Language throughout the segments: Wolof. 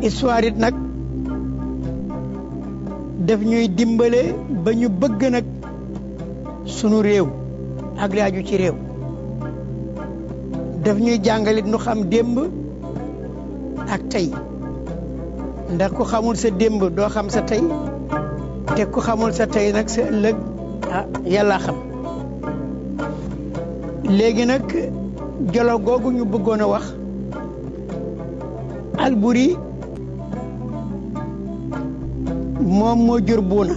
histoire it nag def ñuy dimbale ba ñu bëgg nag sunu réew ak li ci réew def ñuy jàngalit nu xam démb ak tey ndax ku xamul sa démb doo xam sa tey te ku xamul sa tey nag sa ëllëg ah yàlla xam léegi nag jolof googu ñu bëggoon a wax Alburi moom moo jur buuna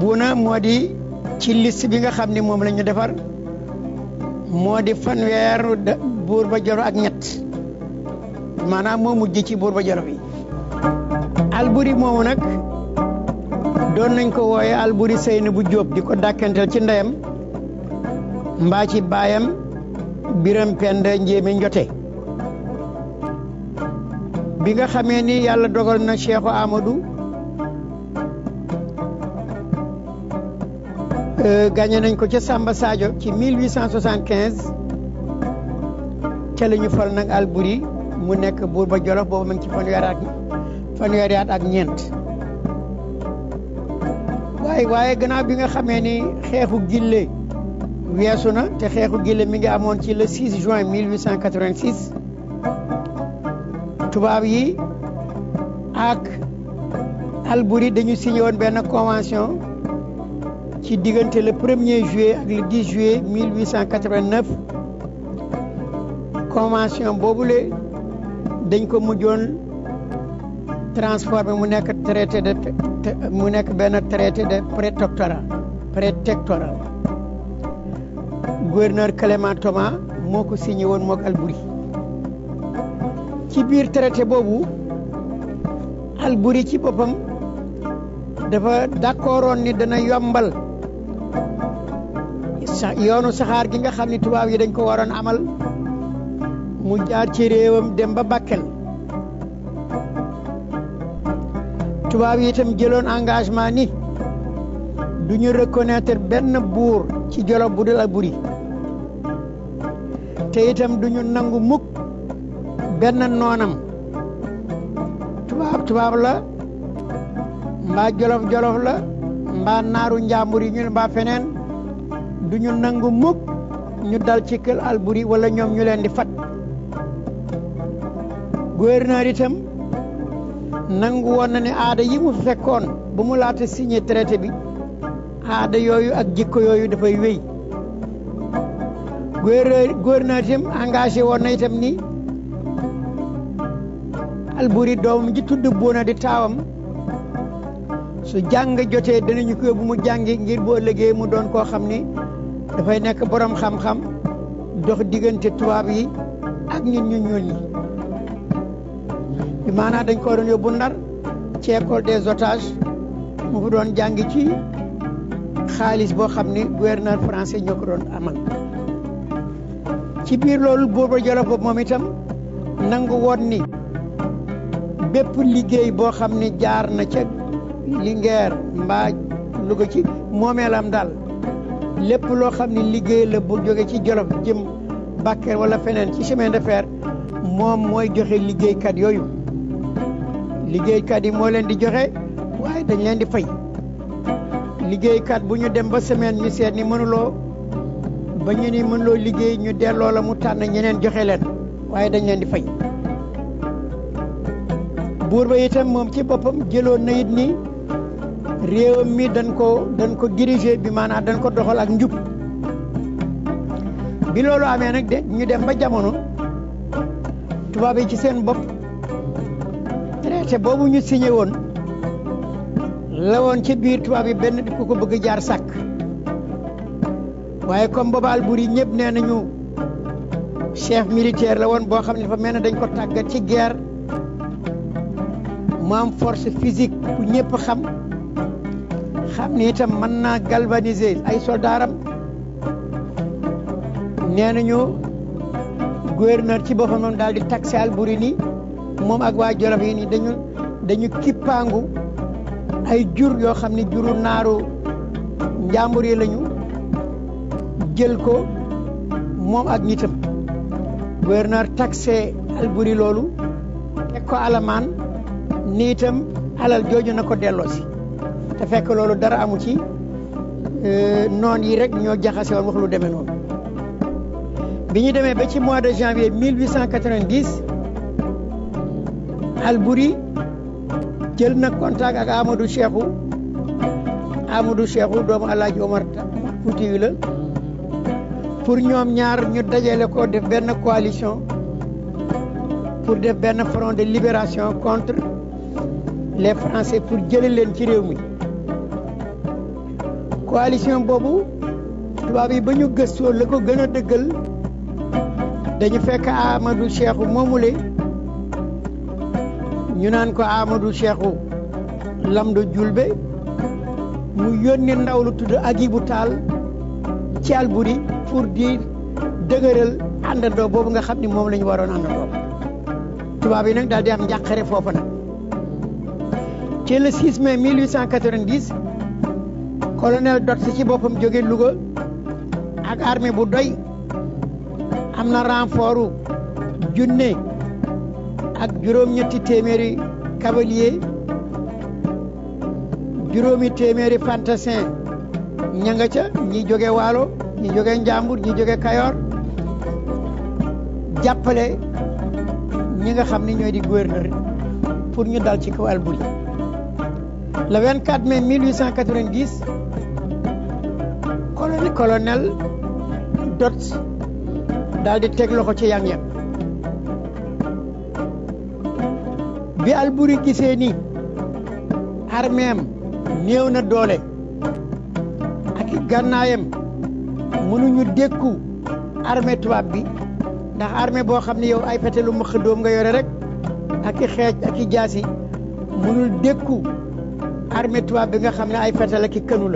buuna moo di ci liste bi nga xam ni moom lañu defar moo di fanweeru buur ba jolof ak ñett maanaam moo mujj ci buur ba jolof yi Alburi moomu nag doon nañ ko wooye Alburi Seyni bu Jóob di ko dàkkantel ci ndeyam mbaa ci baayam biram pend njéemi njote bi nga xamee ni yàlla dogal na Cheikhu Amadou euh, gagné nañ ko ca Samba Sadio ci 1875 ca la ñu fal nag Alburi mu nekk buur ba Jolof boobu ma ci fanweeri at fanweeri at ak ñeent waaye waaye gannaaw bi nga xamee ni xeexu gille weesu na te xeexu gille mi ngi amoon ci le 6 juin 1886 tubaab yi ak Albury dañu signé woon benn convention ci diggante le 1er juillet ak le 10 juillet 1889 convention boobule dañ ko mujjoon transformé mu nekk traité de mu nekk benn traité de prétectorat prétectoral gouverneur Clément Thomas moo ko signé woon al Albury ci biir traité boobu Albury ci boppam dafa d'accordoon ni dana yombal yoonu saxaar gi nga xam ni tubaab yi dañ ko waroon amal mu jaar ci réewam dem ba Bakel tubaab yi jëloon engagement ni du ñu reconnaître benn buur ci jolof bu dul ak buri te itam du ñu nangu mukk benn noonam tubaab tubaab la mbaa jolof jolof la mbaa naaru njàmbur yi ñu mbaa feneen du ñu nangu mukk ñu dal ci kël alburi wala ñoom ñu leen di fat gouverneur itam nangu woon na ne aada yi mu fekkoon bu mu laata signé traité bi aada yooyu ak jikko yooyu dafay wéy gouverneur itam engagé woon na tem ni Alburi doomam ji tudd Buuna di taawam su jàng jotee danañu ko bu mu jàngi ngir boo liggéey mu doon koo xam ni dafay nekk borom xam-xam dox diggante tubaab yi ak ñun ñun bi maanaam dañ ko doon yóbbu Ndar ci des otages mu fa doon jàng ci xaalis boo xam ni gouverneur français ñoo ko doon amal ci biir loolu booba Jolof boobu moom itam nangu woon ni bépp liggéey boo xam ni jaar na ca Linguère mbaa Louga ci moomeelam daal lépp loo xam ni liggéey la bu jóge ci Jolof jëm Bakel wala feneen ci chemin de fer moom mooy joxe liggéeykat yooyu liggéeykat yi moo leen di joxe waaye dañ leen di fay liggéeykat bu ñu dem ba semaine ñu seet ni mënuloo ba ñu ni mënuloo liggéey ñu delloo la mu tànn ñeneen joxe leen waaye dañ leen di fay buur ba itam moom ci boppam jëloon na it ni réewam mi dañ ko dañ ko diriger bi maanaam dañ ko doxal ak njub bi loolu amee nag de ñu dem ba jamono tubaab ci seen bopp charte boobu ñu signé woon woon ci biir tubaab yi benn ku ko bëgg jaar sàkk waaye comme booba Albouri ñëpp nee nañu chef militaire la woon boo xam ne dafa mel ne dañ ko tàggat ci guerre mu am force physique bu ñëpp xam xam ni itam mën naa galvaniser ay soldaaram nee nañu gouverneur ci boppam moom daal di taxé Albouri nii moom ak waa jolof yi ni dañu dañu kippaangu ay jur yoo xam ne juru naaru njàmbur lañu jël ko moom ak nitam gouverneur taxé Alburi loolu teg ko alamaan niitam alal jooju na ko delloo si fekk loolu dara amu ci euh, noon yi rek ñoo jaxase woon wax lu demee noonu bi ñu demee ba ci mois de janvier 1890 Albouri jël na contact ak Amadou Cheikhou Amadou Cheikhou doomu Alaaji Omar Fuutiyu la pour ñoom ñaar ñu dajale ko def benn coalition pour def benn front de libération contre les Français pour jële leen ci réew mi coalition boobu tubaab yi ba ñu gëstoo la ko gën a dëggal dañu fekk Amadou Cheikhou moomule ñu naan ko Amadou Cheikhou Lamdo Julbe mu yónni ndaw lu tudd Agibu Taal ci Albury pour di dëgëral àndandoo boobu nga xam ni moom la ñu waroon àndandoo tubaab yi nag daal di am njàqare foofu nag ci le 6 mai 1890 colonel Dot ci boppam jóge Louga ak armée bu doy am na renfort junne. ak juróom-ñetti téeméeri cavalier juróomi téeméeri fantassin ña nga ca ñi jóge waalo ñi jóge njàmbur ñi jóge kayoor jàppale ñi nga xam ne ñooy di gouverneur pour ñu dal ci kaw Albouri le 24 mai 1890 colonel colonel Dodds daal di teg loxo ci yang-yang bi Alburi gisee ni armeem néew na doole ak i gànnaayam mënuñu dékku armée tubaab bi ndax armée boo xam ne yow ay petelu mëq nga yore rek ak i xeej ak i jaasi mënul dékku armée tubaab bi nga xam ne ay fetal ak i kënu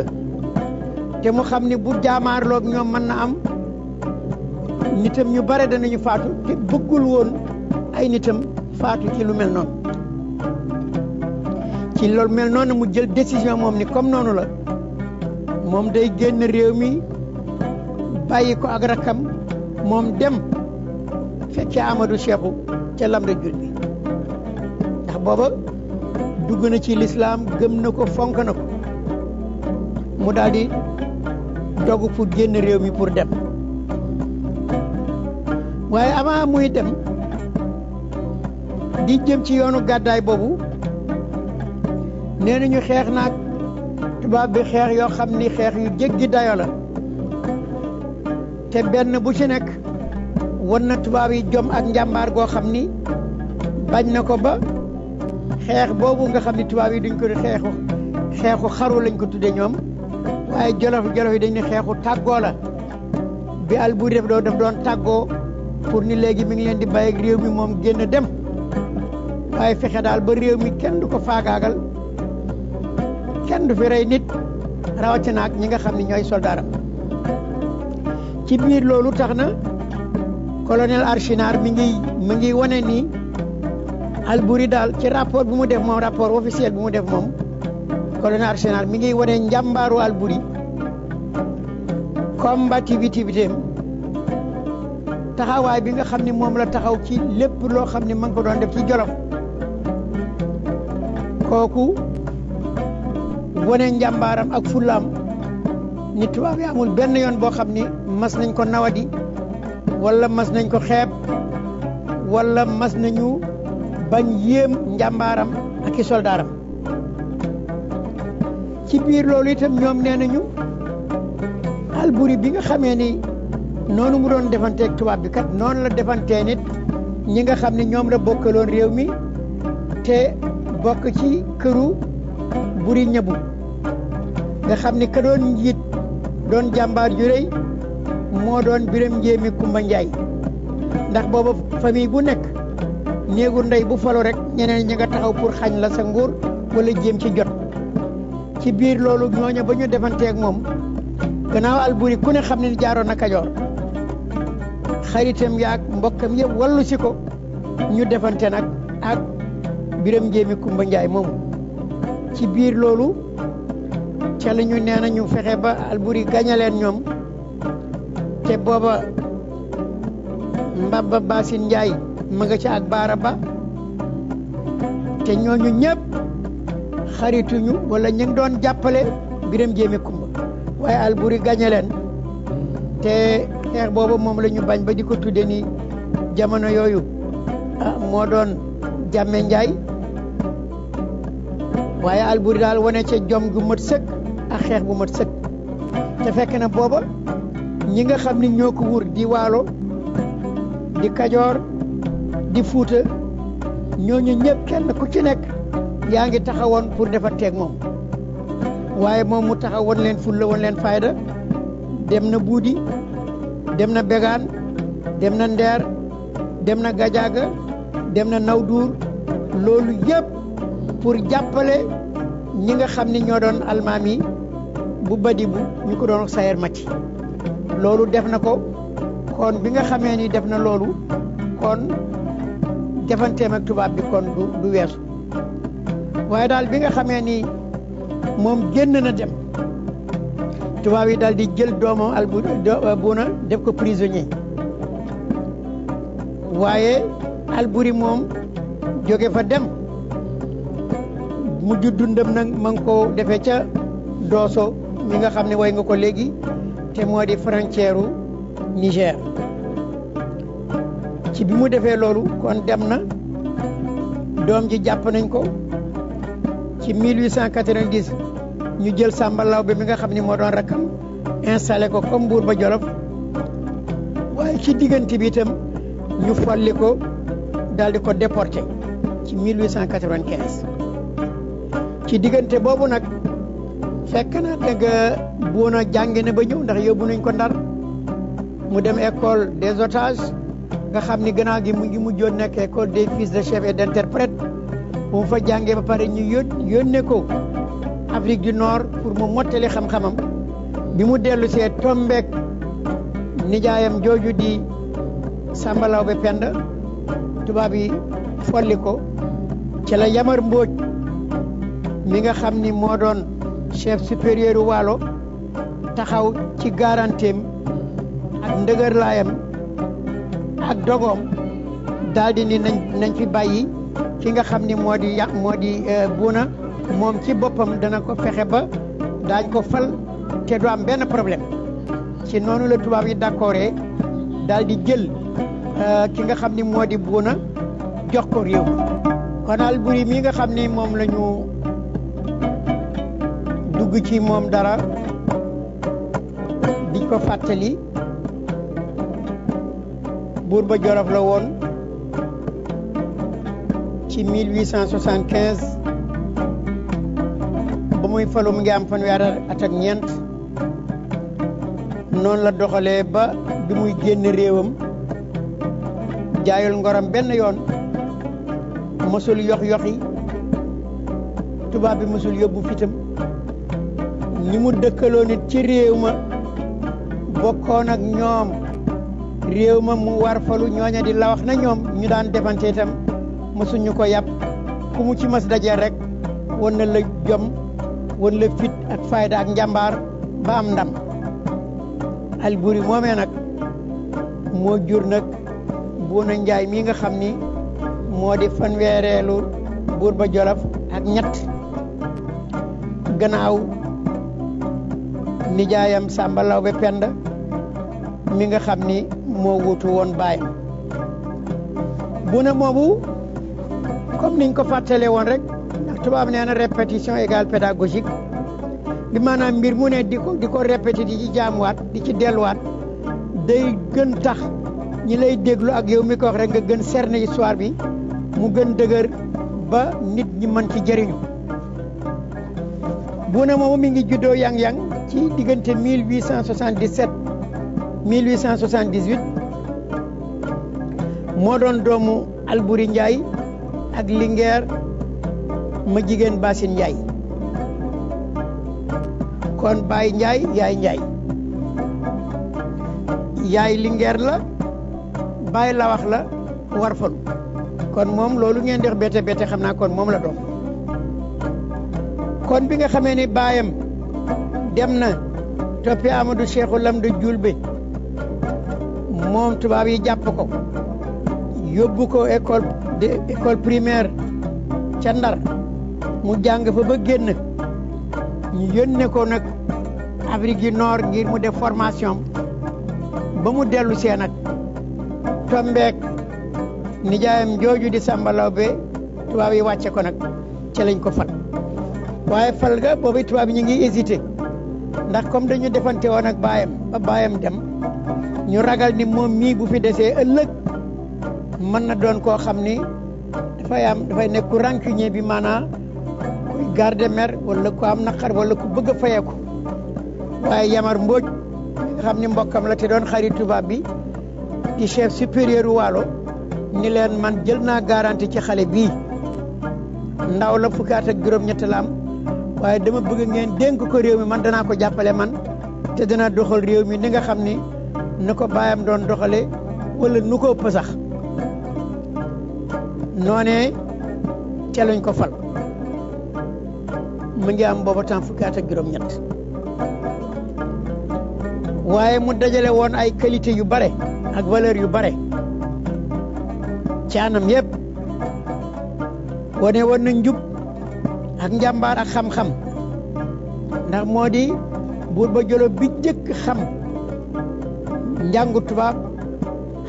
te mu xam ne bu jaamaarloog ñoom mën na am nitam ñu bare danañu faatu te bëggul woon ay nitam faatu ci lu mel noonu ci loolu mel noonu mu jël décision moom ni comme noonu la moom day génn réew mi bàyyi ko ak moom dem fekkee Amadou Cheikhou ca lam rek jur bi dugg na ci lislaam gëm na ko fonk na ko mu daal di dogu pour génn réew mi pour dem waaye avant muy dem di jëm ci yoonu gàddaay boobu nee ñu xeex naag tubaab bi xeex yoo xam ni xeex yu jéggi dayo la te benn bu ci nekk won na tubaab yi jom ak njàmbaar goo xam ni bañ na ko ba xeex boobu nga xam ni tubaab yi duñ ko di xeexu xeexu xaru lañ ko tuddee ñoom waaye jolof jolof yi dañ xeexu tàggoo la bi bu def doo def doon tàggoo pour ni léegi mi ngi leen di bay réew mi moom génn dem waaye fexe daal ba réew mi kenn du ko faagaagal kenn du fi rey nit rawatina ak ñi nga xam ne ñooy soldaaram ci biir loolu tax na colonel Archinard mi ngi mi ngi wane ni daal ci rapport bu mu def moom rapport officiel bu mu def moom colonel Archinard mi ngi wane njàmbaaru Albouri combativité bi dem taxawaay bi nga xam ne moom la taxaw ci lépp loo xam ne ma ko doon def ci Jolof kooku wane njàmbaaram ak fullaam ni tubaab yi amul benn yoon boo xam ni mas nañ ko nawadi walla mas nañ ko xeeb wala mas nañu bañ yéem njàmbaaram ak i soldaaram ci biir loolu itam ñoom nee nañu Alburi bi nga xamee ni noonu mu doon defanteeg tubaab bi kat noonu la defantee nit ñi nga xam ne ñoom la bokkaloon réew mi te bokk ci këru buri ñëbu nga xam ne ka doon njiit doon jàmbaar ju moo doon Biram Njéemi Kumba Njaay ndax booba famille bu nekk néegu ndey bu falo rek ñeneen ñi nga taxaw pour xañ la sa wala jéem ci jot ci biir loolu ñooña ba ñu defanteeg moom gannaaw kun ku ne xam ne jaaroon na Kajoor xaritam yaak mbokkam yëpp wallu si ko ñu defante nag ak Biram Njéemi Kumba Njaay moomu ci biir loolu ca la ñu nee na ñu fexe ba Albouri gañe leen ñoom te booba Mbaba Basin Njaay ma nga ca ak baara ba te ñooñu ñëpp xarituñu wala ñu doon jàppale Biram Jéeme Kumba waaye Albouri gañe leen te xeex booba moom la ñu bañ ba di ko ni jamono yooyu ah, moo doon jàmme Njaay waaye Albouri daal wane ca jom gu sëkk ak xeex bu mot sëkk te fekk na booba ñi nga xam ni ñoo ko wur di waalo di kajoor di fuuta ñooñu ñëpp kenn ku ci nekk yaa ngi taxawoon pour defar teeg moom waaye moom mu taxawoon leen fulla woon leen fayda dem na buudi dem na begaan dem na ndeer dem na gajaaga dem na nawduur loolu yëpp pour jàppale ñi nga xam ni ñoo doon almaam yi bu badi bu ñu ko doon sayer mati loolu def na ko kon bi nga xamee ni def na loolu kon defanteem ak tubaab bi kon du weesu waaye daal bi nga xamee ni moom génn na dem tubaab yi daal di jël doomam albu euh, buuna def ko prisonnier waaye alburi moom jóge fa dem mujj dundam nag ma ngi koo defee ca dooso mi nga xam ne way nga ko léegi te moo di frontière u Niger ci bi mu defee loolu kon dem na doom ji jàpp nañ ko ci 1890 ñu jël Samba Lawbe mi nga xam ne moo doon rakkam installé ko comme buur ba Jolof waaye ci diggante bi itam ñu folli ko daal di ko déporté ci 1895 ci diggante boobu nag. fekk na dëgg buuna jàngi na ba ñëw ndax yóbbu nañ ko ndar mu dem école des otages nga xam ni gannaaw gi mu ngi mujjoon nekk école des fils de chef et d'interprète bu mu fa jàngee ba pare ñu yón yónnee ko Afrique du Nord pour mu mottali xam-xamam bi mu dellu see tombeek nijaayam jooju di Samba Laobé Penda tubaab yi folli ko ci la Yamar Mbóoj mi nga xam ni moo doon chef supérieur Waalo taxaw ci garanteem ak ndëgërlaayam ak dogoom daal di nañ nañ fi bàyyi ki nga xam ni moo di yàq moo di euh, Bouna moom ci boppam dana ko fexe ba daañ ko fal te du am benn problème ci noonu la tubaab yi d'accord daal di jël euh, ki nga xam ni moo di Bouna jox ko réew. kon Alboury mi nga xam ni moom la bëgg ci moom dara di ko fàttali buur ba Jolof la woon ci 1875 ba muy falu mu ngi am fanweer at ak ñeent noonu la doxalee ba bi muy génn réewam jaayul ngoram benn yoon mësul yox yoxi mësul yóbbu fitam ñi mu dëkkaloon ci réew ma bokkoon ak ñoom réew ma mu war falu ñooña di la na ñoom ñu daan defante itam mësuñu ko yàpp ku mu ci mas daje rek wan na la wan la ak fayda ak njàmbaar ba am ndam Alburi moomee nag moo jur nag Buuna Njaay mi nga xam ni moo di fanweereelu buur ba Jolof ak ñett gannaaw nijaayam Samba Lawbe Penda mi nga xam ni moo wutu woon baay Bouna moomu comme niñ ko fàttalee woon rek ndax tubaab nee na répétition égale pédagogique bi maanaam mbir mu ne di ko di ko répété di ci jaamuwaat di ci delluwaat day gën tax ñi lay déglu ak yow mi ko wax rek nga gën cerner histoire bi mu gën dëgër ba nit ñi mën ci jëriñu Bouna moomu mi ngi juddoo yang-yang ci diggante 1877 1878 moo doon doomu Alburi Njaay ak Linguère ma jigéen Basin Njaay kon Baay Njaay yaay Njaay yaay Linguère la Baay la wax la war falu kon moom loolu ngeen dex bete bete xam naa kon moom la doon kon bi nga xamee ni baayam dem na toppi lam Cheikhou Lamdou Diouldé moom tubaab yi jàpp ko yóbbu ko primaire ca Ndar jàng fa ba génn ñu nag Afrique du Nord ngir mu def ba mu dellu see nag tombeek nijaayam jooju di Samba Lawbe tubaab yi wàcce ko lañ ko fal waaye fal ga boobu tubaab yi ngi hésité ndax comme dañu defante woon ak baayam ba baayam dem ñu ragal ni moom mii bu fi desee ëllëg mën na doon koo xam ni dafay am dafay nekk ku rancunier bi maanaam kuy garde mer ku am naqar wala ku bëgg a fayeeku waaye Yamar Mbodj nga xam ni mbokkam la te doon xarit tubaab bi di chef supérieur waalo ni leen man jël naa garanti ci xale bii ndaw la fukki at ak juróom-ñett la waaye dama bëgg ngeen dénk ko réew mi man dana ko jàppale man te dana doxal réew mi ni nga xam ni na ko baayam doon doxale wala nu ko ëpp sax noonee ca lañ ko fal mu ngi am booba temps juróom-ñett waaye mu dajale woon ay qualité yu bare ak valeur yu bare ci anam yëpp wane woon na njub ak njàmbaar ak xam-xam ndax moo di buur ba jolof bi jëkk xam njàngu tubaab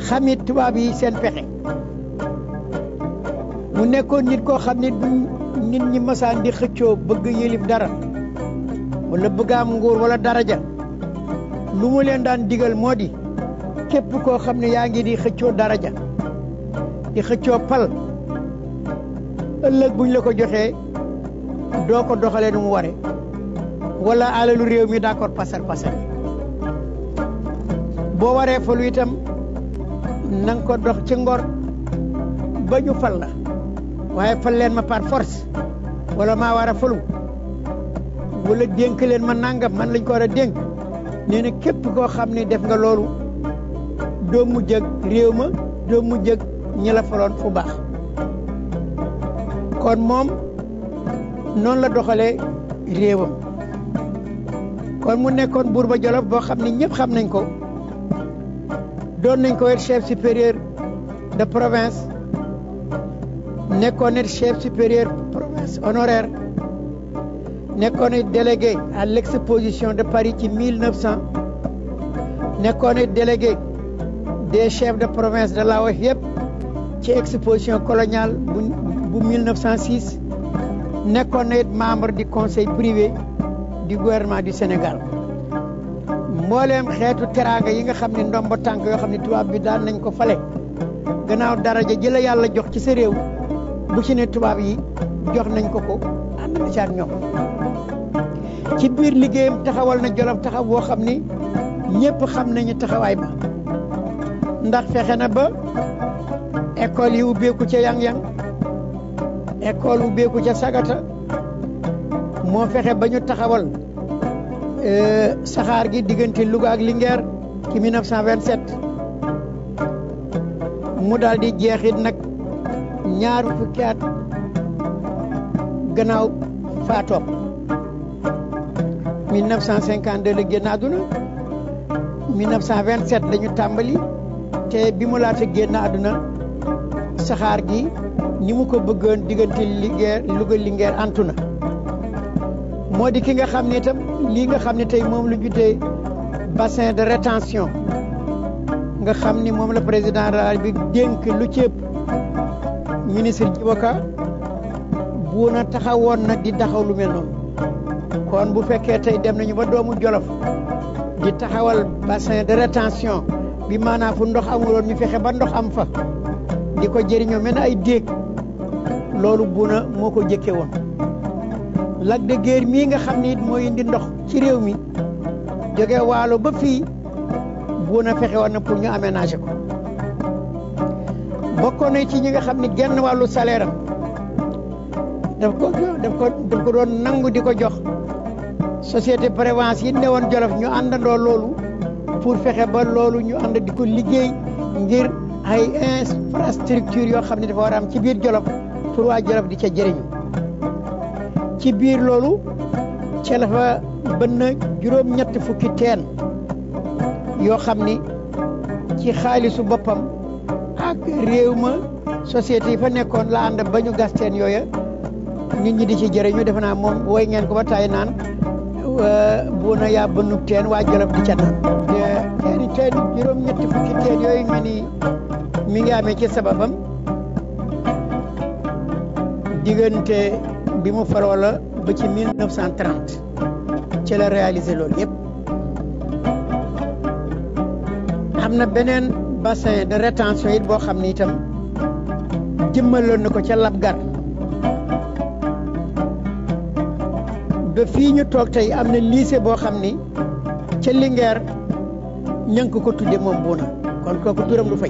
xamit tubaab yi seen pexe mu nekkoon nit koo xam ne du nit ñi masaan di xëccoo bëgg yëlif dara wala bëgg am nguur wala daraja lu mu leen daan digal moo di képp koo xam ne yaa ngi di xëccoo daraja di xëccoo pal ëllëg buñ la ko joxee doo ko doxalee nu mu waree wala alalu réew mi d'accord pasar pasar boo waree falu itam na ko dox ci ngor ba ñu la waaye fal leen ma par force wala maa war a falu wala dénk leen ma nangam man lañ ko war a dénk nee képp koo xam ne def nga loolu doo mujj ak réew ma doo mu ak ñi la fu baax kon moom noonu la doxalee réewam kon mu nekkoon buur ba Jolof boo xam ne ñëpp xam nañ ko doon nañ ko it chef supérieur de province nekkoon it chef supérieur province honoraire nekkoon et délégué à l'exposition de Paris ci 1900 nekkoon it délégué des chefs de province de Laos yëpp ci exposition coloniale bu bu nekkoon na it membre du conseil privé di gouvernement du Sénégal mbooleem xeetu teraanga yi nga xam ne ba tànk yoo xam ne tubaab bi daan nañ ko fale ganaaw dara ja la yàlla jox ci sa réew bu ci ne tubaab yi jox nañ ko ko ànd na ñoom ci biir liggéeyam taxawal na jolof taxaw woo xam ni ñëpp xam nañu taxawaay ba ndax fexe na ba école yi ubbeeku ca yang-yang école ubbeeku ca sagata moo fexe bañu ñu taxawal e, saxaar gi diggante Louga ak Linguère ci 1927 mu daal di nag ñaar fukki at gannaaw faatoom 1952 la génn àdduna 1927 la ñu tàmbali te bi mu laata génn àdduna saxaar gi. ni mu ko bëggoon diggante Linguère Louga Linguère antu na moo di ki nga xam ne itam lii nga xam ne tey moom lu juddee bassin de rétention nga xam ni moom la président ral bi dénk lu ceeb ministre Djiboka bu na taxawoon nag di taxaw lu mel noonu kon bu fekkee tey dem nañu ba doomu Jolof di taxawal bassin de rétention bi maanaam fu ndox amuloon ñu fexe ba ndox am fa di ko jëriñoo mel ne ay déeg loolu buna moo ko jëkke woon Lac de Guiers mii nga xam ne it mooy indi ndox ci réew mi jóge waalo ba fii buna fexe woon na pour ñu aménager ko bokkoon na ci ñi nga xam ne genn wàllu saleeram am daf ko daf ko doon nangu di ko jox société prévoyance yi ne woon Jolof ñu àndandoo loolu pour fexe ba loolu ñu ànd di ko liggéey ngir ay infrastructure yoo xam ne dafa war a am ci biir Jolof pour waa Jolof di ca jëriñu ci biir loolu ca lafa fa bënn juróom-ñett fukki teen yoo xam ni ci xaalisu boppam ak réew ma yi fa nekkoon la ànd ba ñu yooya nit ñi di ci jëriñu defe naa moom woy ngeen ko ba tàyyi naan euh, bu na yaa bënnub teen waa Jolof di ca naan juróom-ñett fukki teen yooyu nga ni mi ngi amee ci sababam diggante bi mu faroo la ba ci 1930 ci la réalisé loolu yëpp am na beneen bassin de rétention it boo xam ni itam jëmmaloon na ko ca Labgar ba fii ñu toog tey am na lycée boo xam ni ca Linguère ñank ko tudde moom buuna kon kooku turam du fay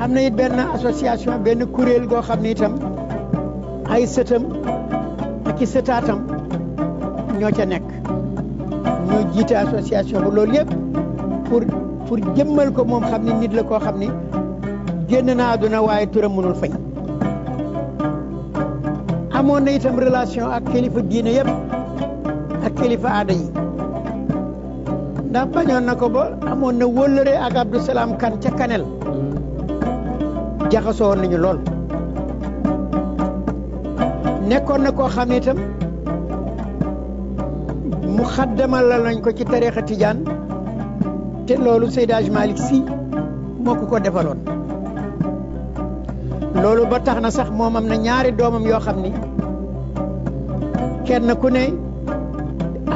am na it benn association benn kuréel goo xam ni itam ay sëtam ak i sëtaatam ñoo ca nekk ñoo jiite asociation bu loolu yëpp pour jëmmal ko moom xam ni nit la koo xam ni génn na àdduna waaye turam mënul fay amoon na itam relation ak kilifa diine yëpp ak kilifa aada yi ndax na ko ba amoon na wëllëre ak Abdou Salam Kane ca Kanel mm. jaxasoo woon nañu lool nekkoon na koo xam itam mu xaddamal la lañ ko ci tariixa tijaan te loolu Seydi Hadji si Sy moo ko ko defaloon loolu ba tax na sax moom am na ñaari doomam yoo xam ni kenn ku ne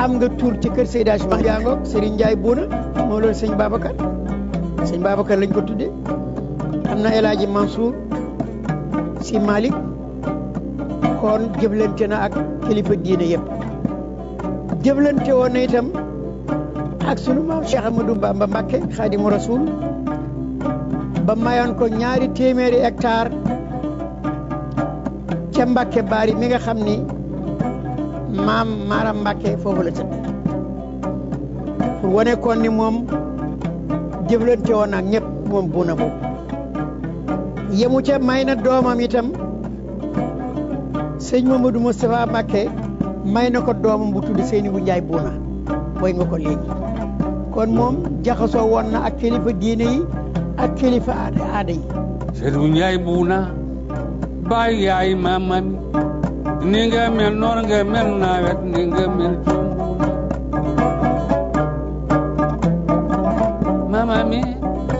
am nga tur ci kër Seydi Hadji Malick jaangoog Serigne Ndiaye Bouna moo loolu sëñ Babacar sëñ Babacar lañ ko tuddee am na El Hadji Mansour Sy kon jëflante na ak kilifa diine yëpp jëflante woon na itam ak sunu maam Cheikh Amadou Bamba Mbakke Xaadimu Rasuul ba mayoon ko ñaari téeméeri hectare ca Mbakke Baari mi nga xam ni maam Maaram Mbakke foofu la tëdd pour wane kon ni moom jëflante woon ñëpp moom bu na boobu yemu ca may na doomam itam. sëñ Mamadou Moustapha Mbacké may na ko doomam bu tudd Seynabou Ndiaye Bouna way kon moom jaxasoo woon na ak kilifa diine yi ak kilifa aada aada yi Seynabou yaay maamam ni nga mel noonu nga mel nawet ni nga mel maamam yi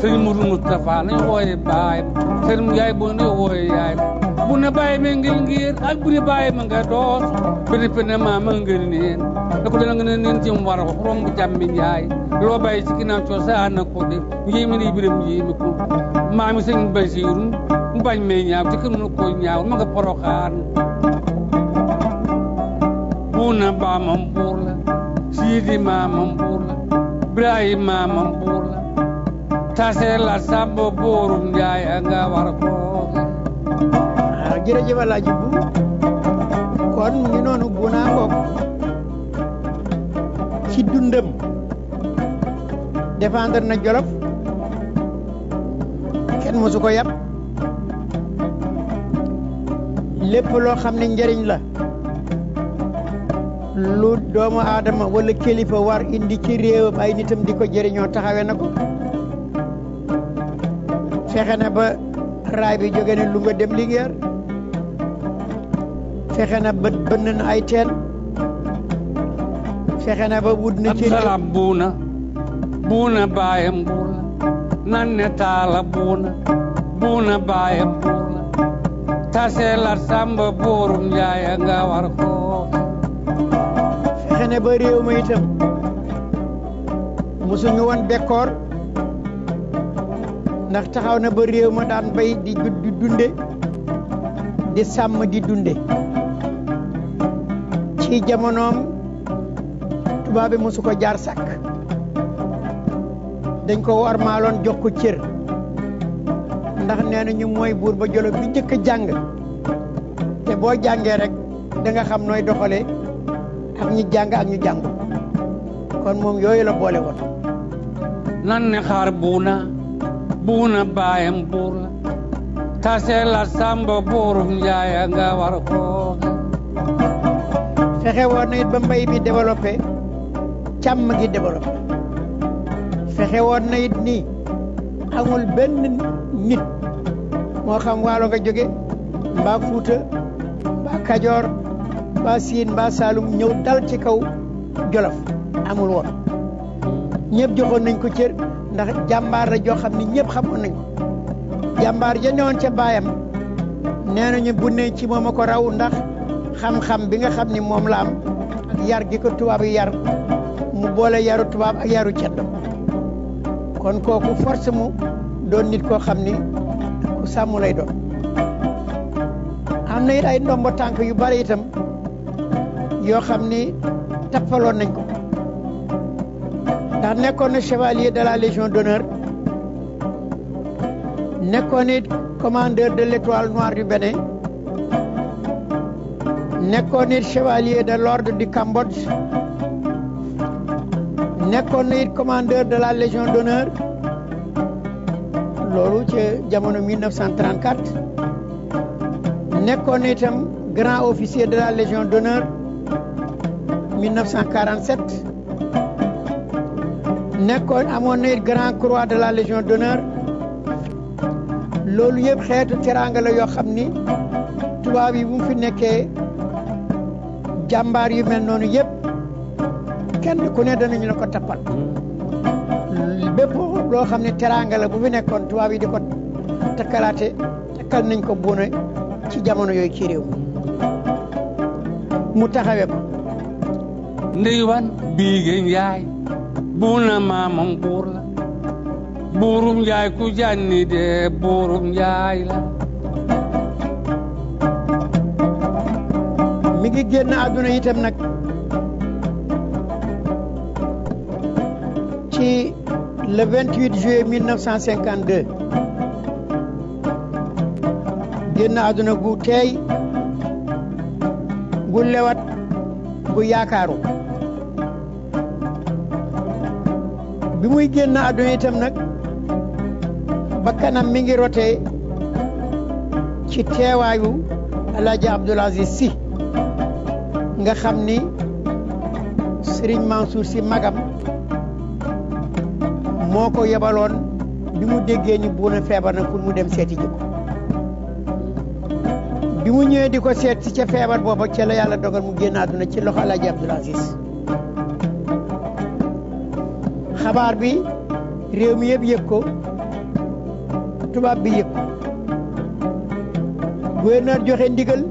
sëñ Moudou Moustapha nañ wooye baay Seynabou Ndiaye Bouna nañ wooye yaay abuna baye men ngel ngir alburi baye men ga dos pene pene mama ngel nen ko dana ngel nen jim war ko rom bu jambi nyaay lo baye ci kina to sa na ko de yemi ni biram yemi ko mami seigne basiru mbañ me ñaaw ci kunu ko ñaaw ma nga poroxaan buna ba mam burla sidi mamam burla ibrahim mamam burla tase la sambo borum nyaay nga war ko jërëjëf Alaaji Bu kon mu ngi noonu ci dundam défendre na kenn mosu ko lépp loo xam ne njariñ la lu doomu aadama wala kilifa war indi ci réewam ay nitam di ko jëriñoo taxawe na ko fexe na ba raay bi jóge ne lu nga dem fexe na ba bënn ay teen fexe na ba wut na ci salaam buuna buuna baayam buuna nan ne taala buuna buuna baayam buuna taseelat samba boorum njaaya nga war koo fexe na ba réew ma itam musuñu woon bekkoor ndax taxaw na ba réew ma daan bay di dunde di sàmm di dunde ci jamonoom tubaab bi ko jaar sàkk dañ ko warmaaloon jox ko cër ndax nee nañu mooy buur ba jolof bi njëkk a te boo jàngee rek da nga xam nooy doxalee ak ñu jàng ak ñu jàng kon moom yooyu la boole woon nan ne xaar buuna buuna baayam buur la tasee la buurum njaaya nga war koo fexe woon na it ba mbay mi développé càmm gi développé woon na it nii benn nit moo xam waalo nga jóge mbaa Fuuta mbaa Kajoor mbaa Siin mbaa Saalum ñëw dal ci kaw Jolof amul woon ñëpp joxoon nañ ko cër ndax jàmbaar la joo xam ni ñëpp xam nañ ko jàmbaar ja newoon ca baayam nee nañu ci moom a ko raw ndax xam-xam bi nga xam ni moom la am yar gi ko tubaab yar mu boole yaru tubaab ak yaru ceddo kon kooku force mu doon nit koo xam ni ku sàmm lay doon am na it ay ndombo tànk yu bari itam yoo xam ni tappaloon nañ ko ndax nekkoon na chevalier de la légion d'honneur nekkoon it commandeur de l'étoile noire du Bénin nekkoon it chevalier de l'ordre du Cambodge nekkoon commandeur de la légion d'honneur loolu ci jamono 1934 nekkoon na itam grand officier de la légion d'honneur 1947 nekkoon amoon na it grand croix de la légion d'honneur loolu yëpp xeetu teraanga la yoo xam ni tubaab yi bu fi nekkee jàmbaar yu mel noonu yëpp kenn ku ne danañu la ko tappal bépp loo xam ne teraanga la bu fi nekkoon tubaab yi di ko takkalaate takkal nañ ko buuna ci jamono yooyu ci réew mu taxawe ko ndey wan biigéen yaay buuna maamam buur la buurum yaay ku jànni de buurum yaay la mi ngi génn àdduna itam nag ci le 28 juillet 1952 génn àdduna gu teey gu lewat gu yaakaaru bi muy génn àdduna itam nag ba kanam mi ngi ci teewaayu Alaaji Abdul Aziz Si nga xam ni Serigne Mansour si magam moo ko yebaloon bi mu déggee ni buuna feebar na pour mu dem seeti ko bi mu ñëwee di ko seet si ca feebar booba cela la yàlla dogal mu génn àdduna ci loxo Alaaji Abdul Aziz xabaar bi réew mi yëpp yëg ko tubaab bi yëg ko gouverneur joxe ndigal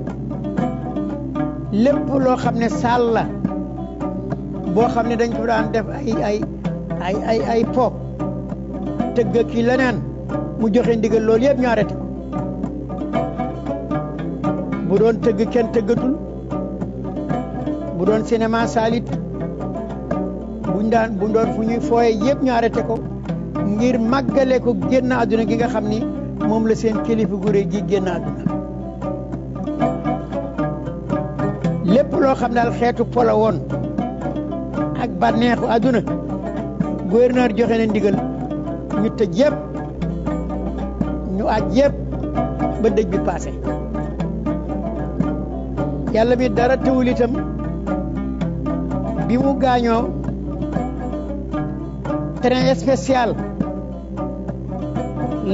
lépp loo xam ne saal la boo xam ne dañ ko daan def ay ay ay po tëgg ki leneen mu joxe ndigal loolu yëpp ñu arrêté bu doon tëgg kenn tëggatul bu doon cinéma saalit buñ daan bu doon fu ñuy fooye yëpp ñu arrêté ko ngir màggale ko génn àdduna gi nga xam ni moom la seen kilifa gu rëy gi génn loo xam daal xeetu polo woon ak bànneexu àdduna gouverneur joxe na ndigal ñu tëj yëpp ñu aj yëpp ba bi paase yàlla dara tëwul bi mu gaañoo train spécial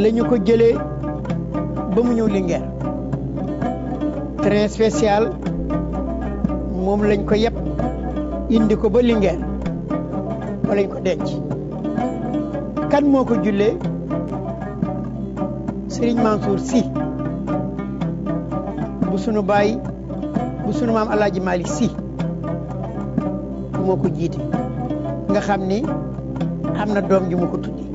la ñu ko jëlee ba mu ñëw Linguère train spécial moom lañ ko yëpp indi ko ba Linguère fa lañ ko denc kan moo ko jullee Serigne Mansour bu sunu baay bu sunu maam Alaaji Malick Sy moo nga xam ni am na doom ju mu ko